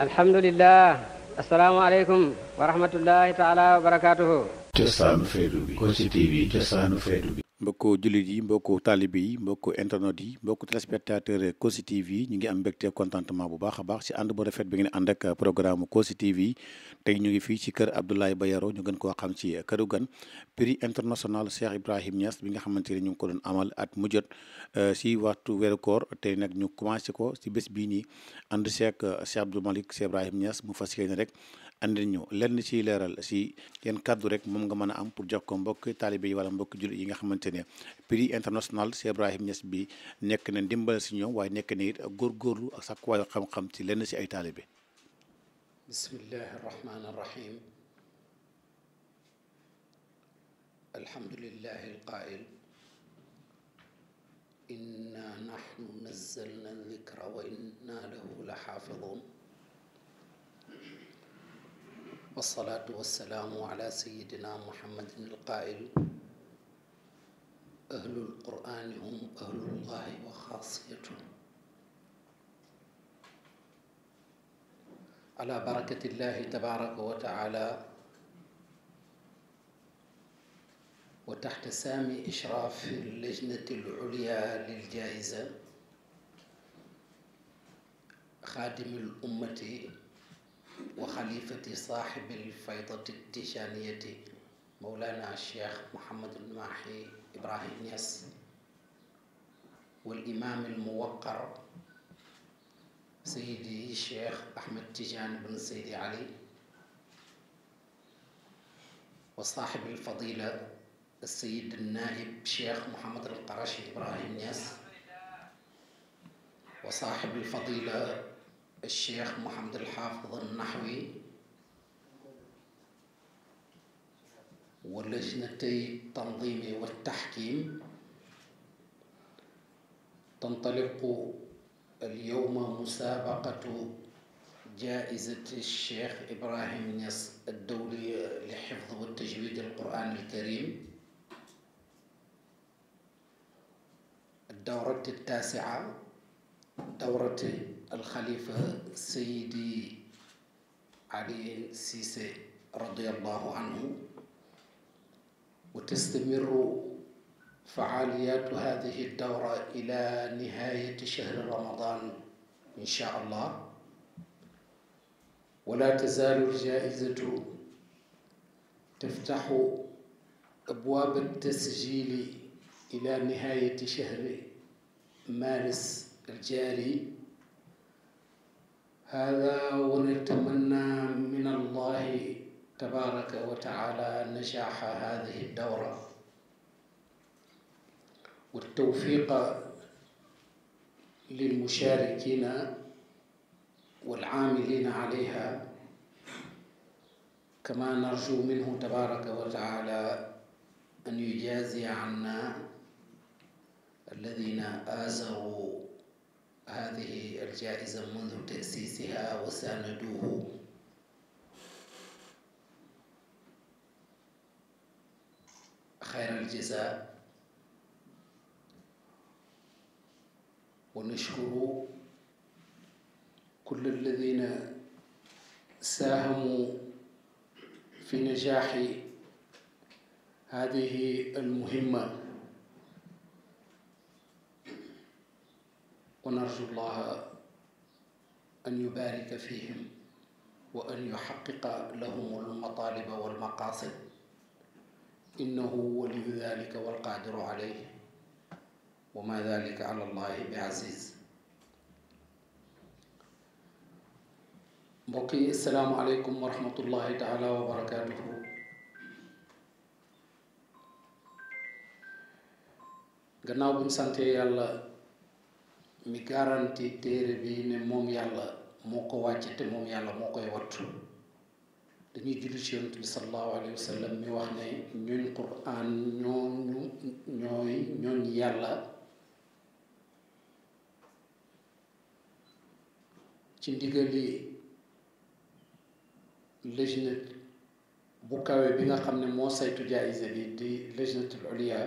الحمد لله السلام عليكم ورحمة الله تعالى وبركاته جسان فيدوبي كوسي تي في جسان فيدوبي mbokk julit yi mbokk talibé yi mbokk internet yi mbokk téléspectateur Kossy TV yi ñu ngi am mbégte contentement bu baax a baax ci ànd bu rafet bi ngeen ànd ak programme Kossy TV yi tey ñu ngi fii ci kër Abdoulaye Bayaro ñu gën koo xam ci këru gan prix international Cheikh Ibrahim Niass bi nga xamante ñu ko doon amal at mu jot euh, ci waxtu weeru koor tey nag ñu commencé ko ci bés bii nii ànd seek Cheikh Abdou Malick Cheikh Ibrahim Niass mu fas yéene rek andil ñu lenn ci leral ci yeen kàddu rek mom nga mëna am pour jox ko mbokk talibé wala mbokk jullit yi nga xamantene prix international ci Ibrahim ness bi nek na dimbal ci si way nek ni gor gorlu ak sax way xam xam-xam ci lenn ci ay talibé bismillahi rahmaani rahim alhamdulillahi alqail inna nahnu nazzalna dhikra wa inna lahu la xaafidun والصلاة والسلام على سيدنا محمد القائل أهل القرآن هم أهل الله وخاصيته على بركة الله تبارك وتعالى وتحت سامي إشراف اللجنة العليا للجائزة خادم الأمة وخليفة صاحب الفيضة التشانية مولانا الشيخ محمد الماحي إبراهيم ياس والإمام الموقر سيدي الشيخ أحمد تيجان بن سيدي علي وصاحب الفضيلة السيد النائب شيخ محمد القرشي إبراهيم ياس وصاحب الفضيلة الشيخ محمد الحافظ النحوي ولجنتي التنظيم والتحكيم تنطلق اليوم مسابقة جائزة الشيخ إبراهيم نيس الدولي لحفظ وتجويد القرآن الكريم الدورة التاسعة دورة الخليفة سيدي علي سيسي رضي الله عنه وتستمر فعاليات هذه الدورة إلى نهاية شهر رمضان إن شاء الله ولا تزال الجائزة تفتح أبواب التسجيل إلى نهاية شهر مارس الجاري هذا ونتمنى من الله تبارك وتعالى نجاح هذه الدورة والتوفيق للمشاركين والعاملين عليها كما نرجو منه تبارك وتعالى أن يجازي عنا الذين آزروا هذه الجائزة منذ تأسيسها وساندوه خير الجزاء ونشكر كل الذين ساهموا في نجاح هذه المهمه ونرجو الله أن يبارك فيهم وأن يحقق لهم المطالب والمقاصد إنه ولي ذلك والقادر عليه وما ذلك على الله بعزيز بقي السلام عليكم ورحمة الله تعالى وبركاته barakaatuhu gannaaw buñ sante mi garanti téere bi ne moom yàlla moo ko wàcce te moom yàlla moo koy wattu dañuy julli ci yonent bi sallallahu alayhi wa mi wax ne ñooñ quraan ñooñu ñooñ yàlla ci ndigali lejnat bu kawe bi nga xam ne moo saytu jaayise bi di lejnatul uliya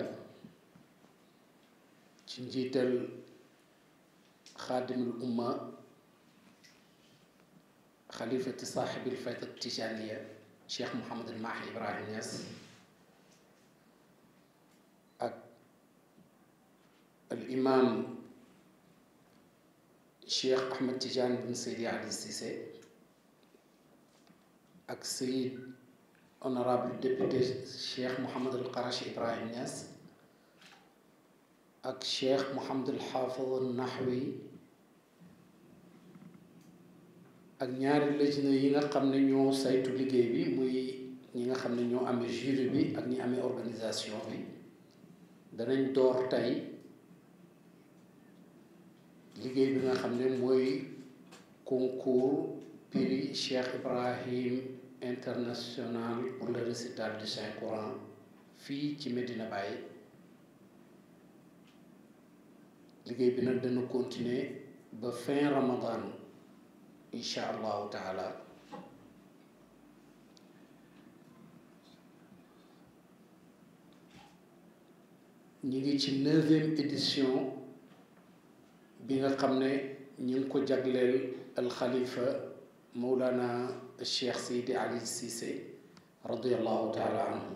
ci njiital خادم الأمة خليفة صاحب الفتى التجانية شيخ محمد الماحي إبراهيم ياس الإمام شيخ أحمد تجان بن سيدي علي السيسي ak Seyid honorable député شيخ محمد Qarashi إبراهيم Niass اك الشيخ محمد الحافظ النحوي اك نياري لجنه ييغا خامنا نيو سايتو ليغي بي موي نيغا خامنا نيو امي جيري بي اك ني امي اورغانيزاسيون بي دا نين دور تاي ليغي بيغا خامنا موي كونكور بيري شيخ ابراهيم انترناسيونال اون ريسيتال دي سان كوران في تي مدينه باي liggéey bi nag dana continuer ba fin ramadan incha allahu taala ñu ngi ci neuvième édition bi nga xam ne ñu ngi ko jagleel alxalifa mawlana cheikh seydi ali cissé radiallahu taala anhu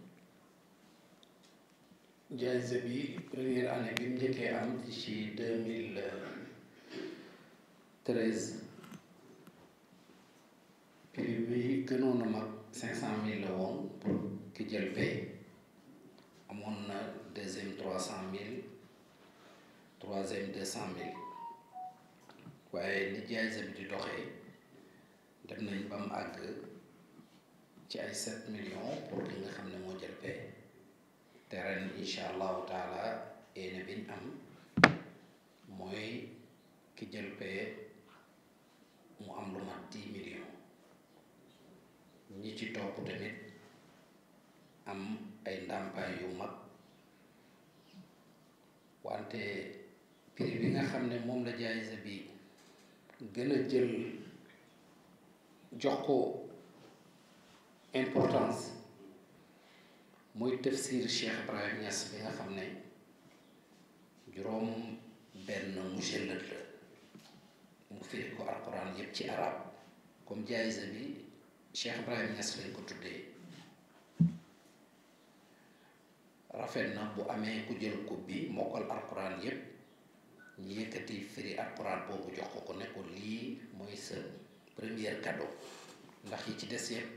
jaayse bi première année bi mu njëkkee am ci deux mille euh, treize prix bi gënoon a mag cinq cent mille la woon pour ki jël pay amoon na deuxième trois cent mille troisième deux cent mille waaye ni jaayse bi di doxee dem nañ ba mu àgg ci ay sept millions pour ki nga xam ne moo jël pay te ren incha allahu taala yéene am mooy ki jël pee mu am lu mat dix millions ñi ci topp tamit am ay ndàmpaay yu mag wante prix bi nga xam ne moom la jaayisa bi gën a jël jox ko importance muy tafsir Cheikh Ibrahim Niass bi nga xam ne juróom benn mujallad la mu firi ko alquran yépp ci arab comme jaayisa bi Cheikh Ibrahim Niass lañ ko tuddee rafet na bu amee ku jël kub bi mokkal alquran yépp ñu yëkkati firi alquran boobu jox ko ko ne lii mooy sa première cadeau ndax yi ci des yépp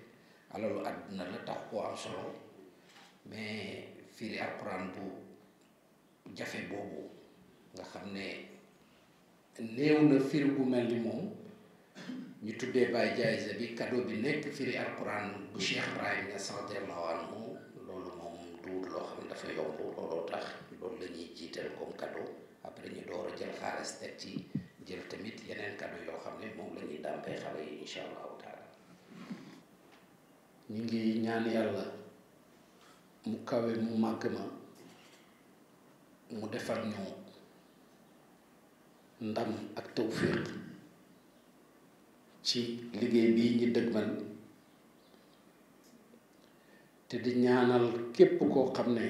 alalu àdduna la tax koo am solo mais firi alxuraan bu jafe boobu nga xam ne néew na firi bu mel ni moom ñu tuddee Baye Jaayza bi cadeau bi nekk firi alxuraan bu Cheikh Ibrahim Niass radiyallahu anhu loolu moom duut loo xam ne dafa yomb looloo tax loolu la ñuy jiital comme cadeau après ñu door a jël xaalis teg ci jël tamit yeneen cadeau yoo xam ne moom la ñuy dàmpee xale yi incha allahu taala ñu ngi ñaan yàlla. mu kawe mu màgg ma mu defar ñu ndam ak tawfiq ci liggéey bii ñi dëgmal te di ñaanal képp koo xam ne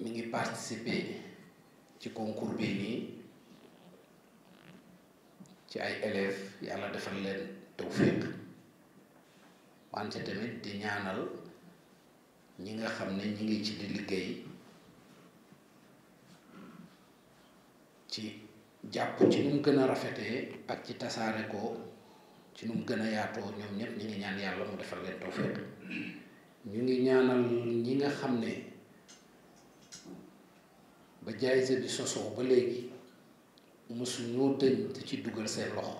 mi ngi participer ci concours bi nii ci ay élèves yàlla defal leen tawfiq wante tamit di ñaanal ñi nga xam ne ñi ngi ci di liggéey ci jàpp ci nu mu gën a rafetee ak ci tasaare ko ci nu mu gën a yaatoo ñoom ñëpp ñi ngi ñaan yàlla mu defal leen tawfeex ñu ngi ñaanal ñi nga xam ne ba jaayse bi sosoo ba léegi mosu ñoo dëñ te ci dugal seen loxo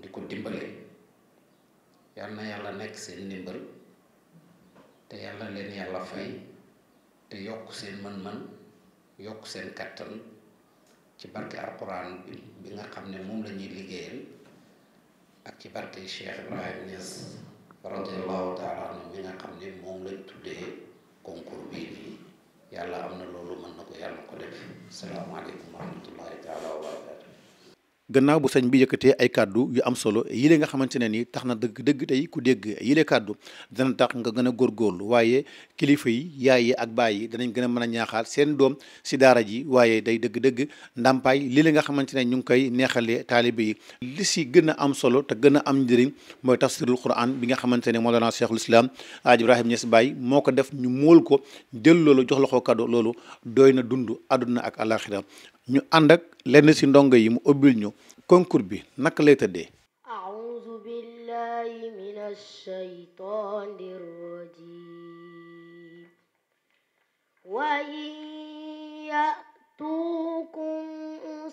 di ko dimbale yal na yàlla nekk seen ndimbal te yàlla leen yàlla fay te yokk seen man man yokk seen kattan ci barke alquran bi bi nga xam ne moom lañuy ñuy liggéeyal ak ci barke Cheikh Ibrahim Niass radiallahu taala anhu bi nga xam ne moom lañ tuddee concours bii nii yàlla am na loolu mën na ko yàlla ko def salaamaaleykum wa rahmatullahi taala wa gannaaw bu sëñ bi yëkkatee ay kàddu yu am solo yile nga xamante ne ni tax na dëgg dëgg tey ku dégg yile kàddu dana tax nga gën a góorgóorlu waaye kilifa yi yaay yi ak baay yi danañ gën a mën a ñaaxaal seen doom si daara ji waaye day dëgg-dëgg ndàmpaay lii la nga xamante ne ñu ngi koy neexalee taalibe yi li si gën a am solo te gën a am njëriñ mooy tafsirul quran bi nga xamante ne Mawlana Cheikhul Islam Aj Ibrahim Niass Baye moo ko def ñu mool ko jël loolu jox la ko kàddu loolu doy na dund àdduna ak àlaxira ñu ànd ak lenn ci ndongo yi mu ubbil ñu concours bi naka lay tëddee a'udhu billahi minash shaytanir rajim wa ya'tukum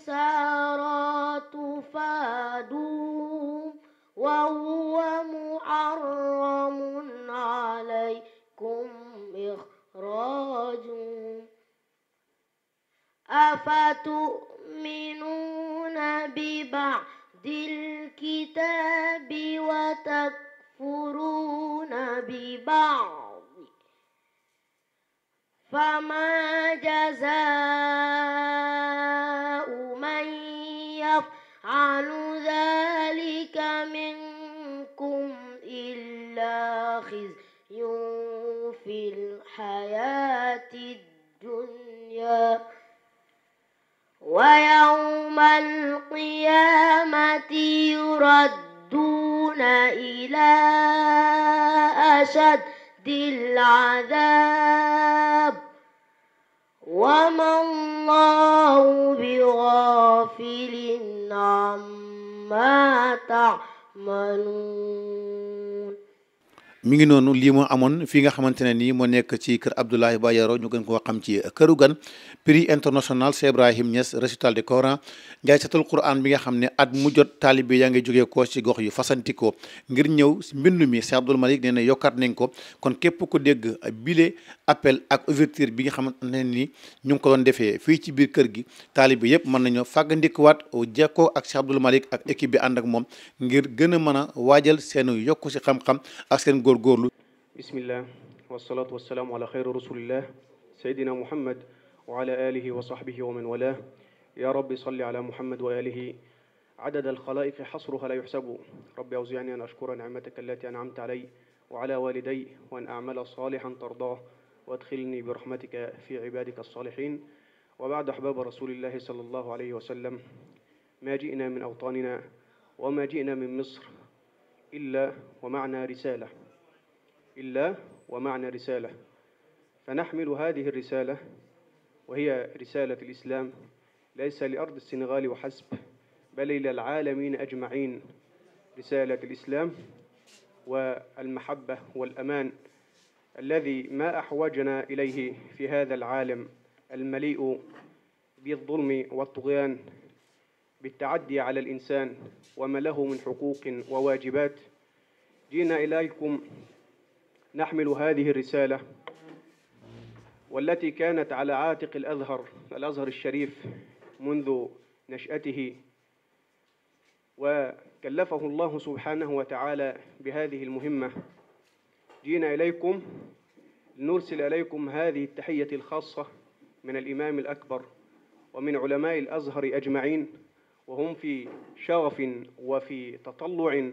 saratu fadu wa huwa mu'arrad أفتؤمنون ببعض الكتاب وتكفرون ببعض فما جزاء من يفعل ذلك منكم إلا خزي في الحياة الدنيا ويوم القيامة يردون إلى أشد العذاب وما الله بغافل عما تعملون mi ngi nonu li mo amone fi nga xamantene ni mo nek ci keur Abdoulaye bayaro ñu gën ko xam ci keuru gan prix international Cheikh Ibrahim recital de Coran satul Quran bi nga xamne at mu jot talib yaa nga joge ko ci gox yu fasantiko ngir ñëw mbindu mi Cheikh Abdoul malik neena yokkat nañ ko kon kep ku deg bile appel ak ouverture bi nga xamantene ni ñu ko don defé fi ci biir keur gi man nañu wat o ak Cheikh Abdoul Malik ak équipe bi and ak mom ngir gëna mëna wajal a waajal seen yokku si xam-xam ak seen góorgóorlu bismillah wasalaatu wasalaamu ala xayri rasulillah sayidina muhammad wa ala alihi wa sahbihi wa man wala ya rabbi salli ala muhammad wa alihi عدد الخلائق حصرها لا يحسب رب أوزعني أن أشكر نعمتك التي أنعمت علي وعلى والدي وأن أعمل صالحا ترضاه وادخلني برحمتك في عبادك الصالحين وبعد أحباب رسول الله صلى الله عليه وسلم ما جئنا من أوطاننا وما جئنا من مصر إلا ومعنا رسالة إلا ومعنى رسالة فنحمل هذه الرسالة وهي رسالة الإسلام ليس لأرض السنغال وحسب بل إلى العالمين أجمعين رسالة الإسلام والمحبة والأمان الذي ما أحوجنا إليه في هذا العالم المليء بالظلم والطغيان بالتعدي على الإنسان وما له من حقوق وواجبات جئنا إليكم نحمل هذه الرسالة والتي كانت على عاتق الأزهر الأزهر الشريف منذ نشأته وكلفه الله سبحانه وتعالى بهذه المهمة جينا إليكم لنرسل إليكم هذه التحية الخاصة من الإمام الأكبر ومن علماء الأزهر أجمعين وهم في شغف وفي تطلع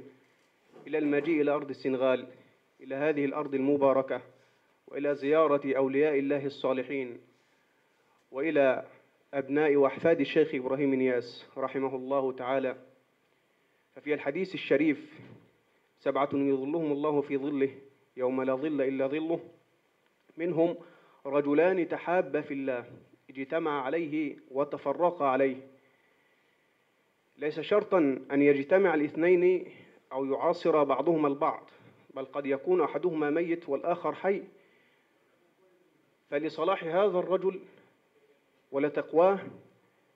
إلى المجيء إلى أرض السنغال إلى هذه الأرض المباركة وإلى زيارة أولياء الله الصالحين وإلى أبناء وأحفاد الشيخ إبراهيم نياس رحمه الله تعالى ففي الحديث الشريف سبعة يظلهم الله في ظله يوم لا ظل إلا ظله منهم رجلان تحابا في الله اجتمع عليه وتفرقا عليه ليس شرطا أن يجتمع الاثنين أو يعاصر بعضهما البعض بل قد يكون أحدهما ميت والآخر حي فلصلاح هذا الرجل ولتقواه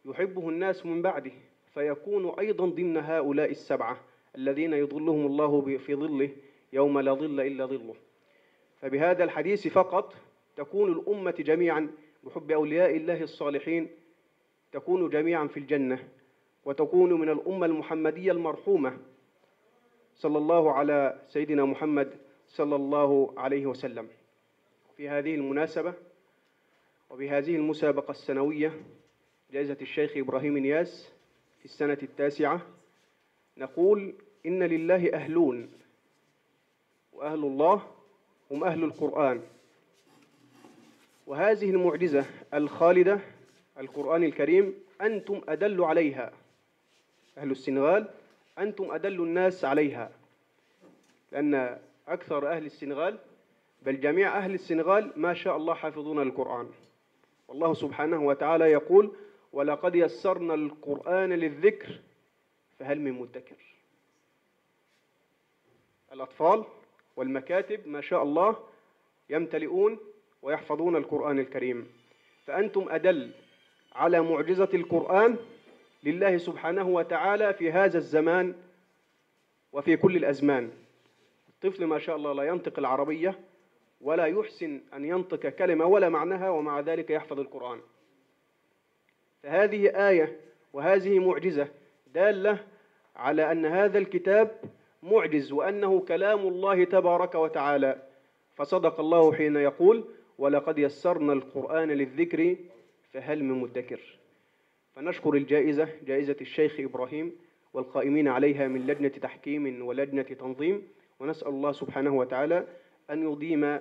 يحبه الناس من بعده فيكون أيضا ضمن هؤلاء السبعة الذين يظلهم الله في ظله يوم لا ظل إلا ظله فبهذا الحديث فقط تكون الأمة جميعا بحب أولياء الله الصالحين تكون جميعا في الجنة وتكون من الأمة المحمدية المرحومة صلى الله على سيدنا محمد صلى الله عليه وسلم في هذه المناسبة وبهذه المسابقة السنوية جائزة الشيخ إبراهيم نياس في السنة التاسعة نقول إن لله أهلون وأهل الله هم أهل القرآن وهذه المعجزة الخالدة القرآن الكريم أنتم أدل عليها أهل السنغال أنتم أدل الناس عليها لأن أكثر أهل السنغال بل جميع أهل السنغال ما شاء الله حافظون القرآن والله سبحانه وتعالى يقول ولقد يسرنا القرآن للذكر فهل من مدكر الأطفال والمكاتب ما شاء الله يمتلئون ويحفظون القرآن الكريم فأنتم أدل على معجزة القرآن لله سبحانه وتعالى في هذا الزمان وفي كل الأزمان الطفل ما شاء الله لا ينطق العربية ولا يحسن أن ينطق كلمة ولا معناها ومع ذلك يحفظ القرآن فهذه آية وهذه معجزة دالة على أن هذا الكتاب معجز وأنه كلام الله تبارك وتعالى فصدق الله حين يقول ولقد يسرنا القرآن للذكر فهل من مدكر فنشكر الجائزة جائزة الشيخ إبراهيم والقائمين عليها من لجنة تحكيم ولجنة تنظيم ونسأل الله سبحانه وتعالى أن يديم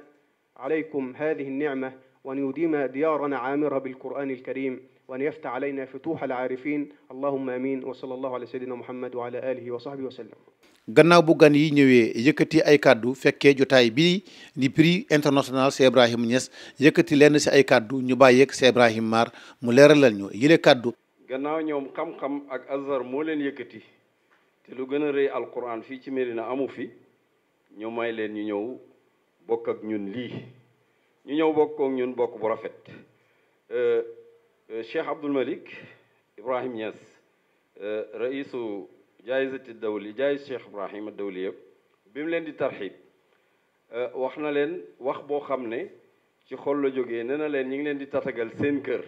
عليكم هذه النعمة وأن يديم ديارنا عامرة بالقرآن الكريم وأن يفتح علينا فتوح العارفين اللهم آمين وصلى الله على سيدنا محمد وعلى آله وصحبه وسلم gannaaw bu gan yi ñëwee yëkkati ay kàddu fekkee jotaay bii di prix international Cheikh Ibrahim Niass yëkkati lenn ci ay kàddu ñu bàyyeeg Cheikh Ibrahim Mar mu leeralal ñu yile kàddu gannaaw ñoom xam-xam ak azhar moo leen yëkkati te lu gën a rëy alquran fii ci Medina amu fi ñu may leen ñu ñëw bokk ak ñun lii ñu ñëw bokk ak ñun bokk bu rafet Cheikh Abdul Malik Ibrahim Niass raisu jaayizati dawli jaayiz Cheikh Ibrahim dawli yëpp bi mu leen di tarxiib wax na leen wax boo xam ne ci xol la jógee nee na leen ñu ngi leen di tatagal seen kër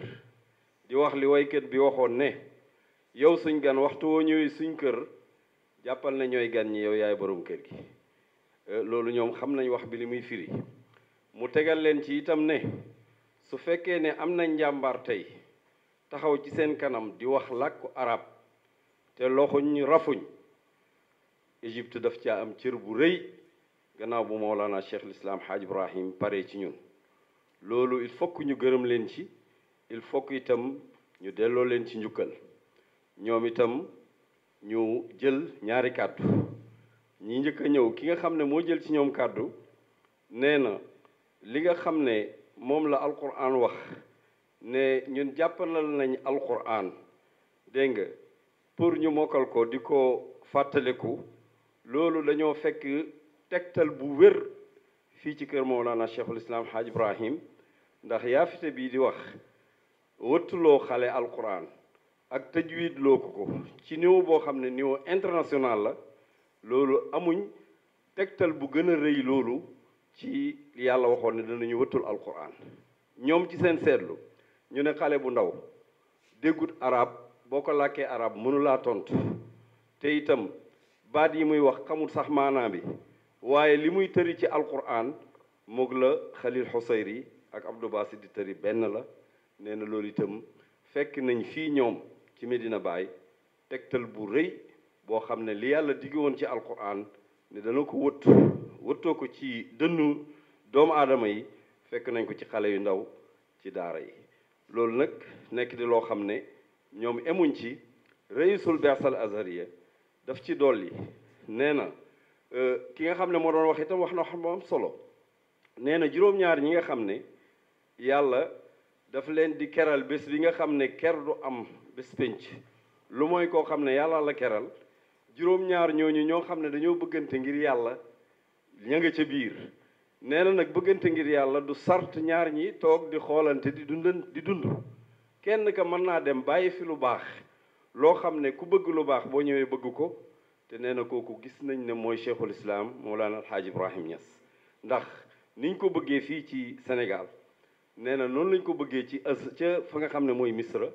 di wax li waykat bi waxoon ne yow suñ gan waxtu woo ñëwee suñ kër jàppal ne ñooy gan ñi yow yaay borom kër gi euh, loolu ñoom xam nañ wax bi li muy firi mu tegal leen ci itam ne su fekkee ne am na njàmbaar tey taxaw ci seen kanam di wax làkku arab te loxuñ rafuñ Égypte daf caa am cër bu rëy gannaaw bu Mawlana Cheikh l'Islam Hadj Ibrahim pare ci ñun loolu il faut ñu gërëm leen ci il faut que itam ñu delloo leen ci njukkal ñoom itam ñu jël ñaari kàddu ñi njëkk a ñëw ki nga xam ne moo jël ci ñoom kàddu nee na li nga xam ne moom la alquran wax ne ñun jàppanal nañ alquran dégg nga pour ñu mokkal ko di ko fàttaliku loolu dañoo fekk tegtal bu wér fii ci kër Mawlana Cheikhul Islam Hadj Ibrahim ndax yaafite bii di wax wëttuloo xale alquran ak tajwid loo ko ko ci niveau boo xam ne niveau international la loolu amuñ tegtal bu gën a rëy loolu ci yàlla waxoon ne danañu wëttul alquran ñoom ci seen seetlu ñu ne xale bu ndaw déggut arab boo ko làkkee arab mënulaa tontu te itam baat yi muy wax xamul sax maanaam bi waaye li muy tëri ci alquran moog la Khalil Husayri ak Abdou Bassi di tëri benn la nee na loolu itam fekk nañ fii ñoom ci Medina Baye tegtal bu rëy boo xam ne li yàlla digg woon ci alquran ne dana ko wëtt wëttoo ko ci dënnu doomu aadama yi fekk nañ ko ci xale yu ndaw ci daara yi loolu nag nekk di loo xam ne ñoom emuñ ci rëyisul bersal azhariya daf ci dolli nee na euh, ki nga xam ne moo doon wax itam wax na xam am solo nee juróom-ñaar ñi nga xam ne yàlla daf leen di keral bés bi nga xam ne ker du am bés pénc lu mooy koo xam ne yàlla la keral juróom-ñaar ñooñu ñoo xam ne dañoo bëggante ngir yàlla ña nga ca biir nee na nag bëggante ngir yàlla du sart ñaar ñi toog di xoolante di dund di dund kenn ka mën naa dem bàyyi fi lu baax loo xam ne ku bëgg lu baax boo ñëwee bëgg ko te nee na kooku gis nañ ne mooy cheikhul islam Mawlana Alhaaj Ibrahim ñas ndax niñ ko bëggee fii ci Sénégal nee na noonu lañ ko bëggee ci az ca fa nga xam ne mooy misra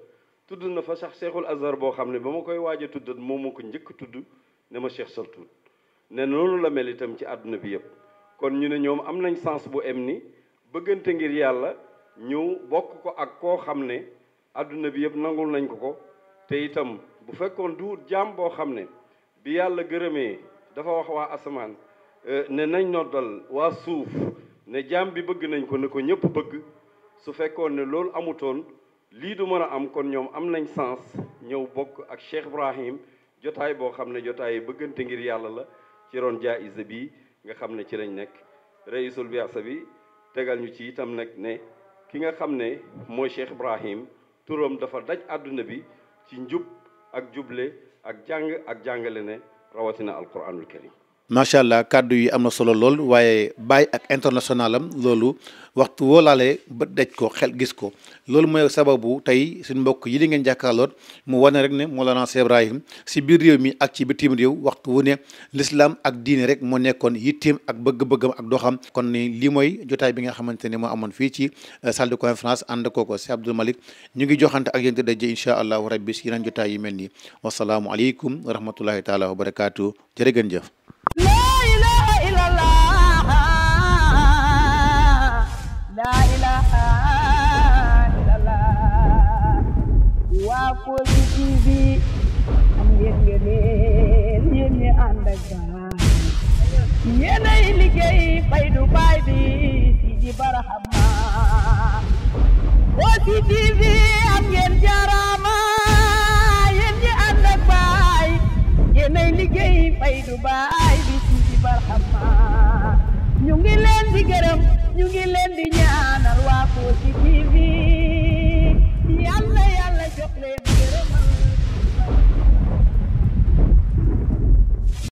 tudd na fa sax seexul azhar boo xam ne ba ma koy waaja a moom moo ko njëkk tudd ne ma cheikh saltuun ne na noonu la mel itam ci àdduna bi yëpp kon ñu ne ñoom am nañ sens bu em ni bëggante ngir yàlla ñëw bokk ko ak koo xam ne àdduna bi yëpp nangul nañ ko ko te itam bu fekkoon du jaam boo xam ne bi yàlla gërëmee dafa wax waa asamaan eh, ne nañ noddal waa suuf ne jaam bi bëgg nañ ko ne ko ñëpp bëgg su fekkone ne amutone li du meuna am kon ñom am nañ sens ñëw bok ak Cheikh Ibrahim jotay bo xamne jotay beugante ngir yàlla la ci ron jaayisa bi nga xamne ci lañ nek reisul biasa bi tegal ñu ci itam nag ne ki nga xamne mo Cheikh Ibrahim turum dafa daj aduna bi ci njub ak juble ak jàng ak jàngale ne rawatina alquranul karim macha allah kàddu yi am na solo lool waaye Baye ak international am loolu waxtu woo laalee bët daj ko xel gis ko loolu mooy sababu tey suñ mbokk yi li ngeen jàkkaarloot mu wane rek ne moo la Cheikh Ibrahim si biir réew mi ak ci bitim réew waxtu wu ne l'islam ak diine rek moo nekkoon yitteem ak bëgg-bëggam ak doxam kon ni lii mooy jotaay bi nga xamante ne moo amoon fii ci euh, salle de conférence ànd kooko si Abdou Malick ñu ngi joxante ak yéen da incha allahu rabbi si yeneen jotaay yu mel nii wasalaamualeykum wa rahmatullahi taala wa barakaatu jërë ngeen vive!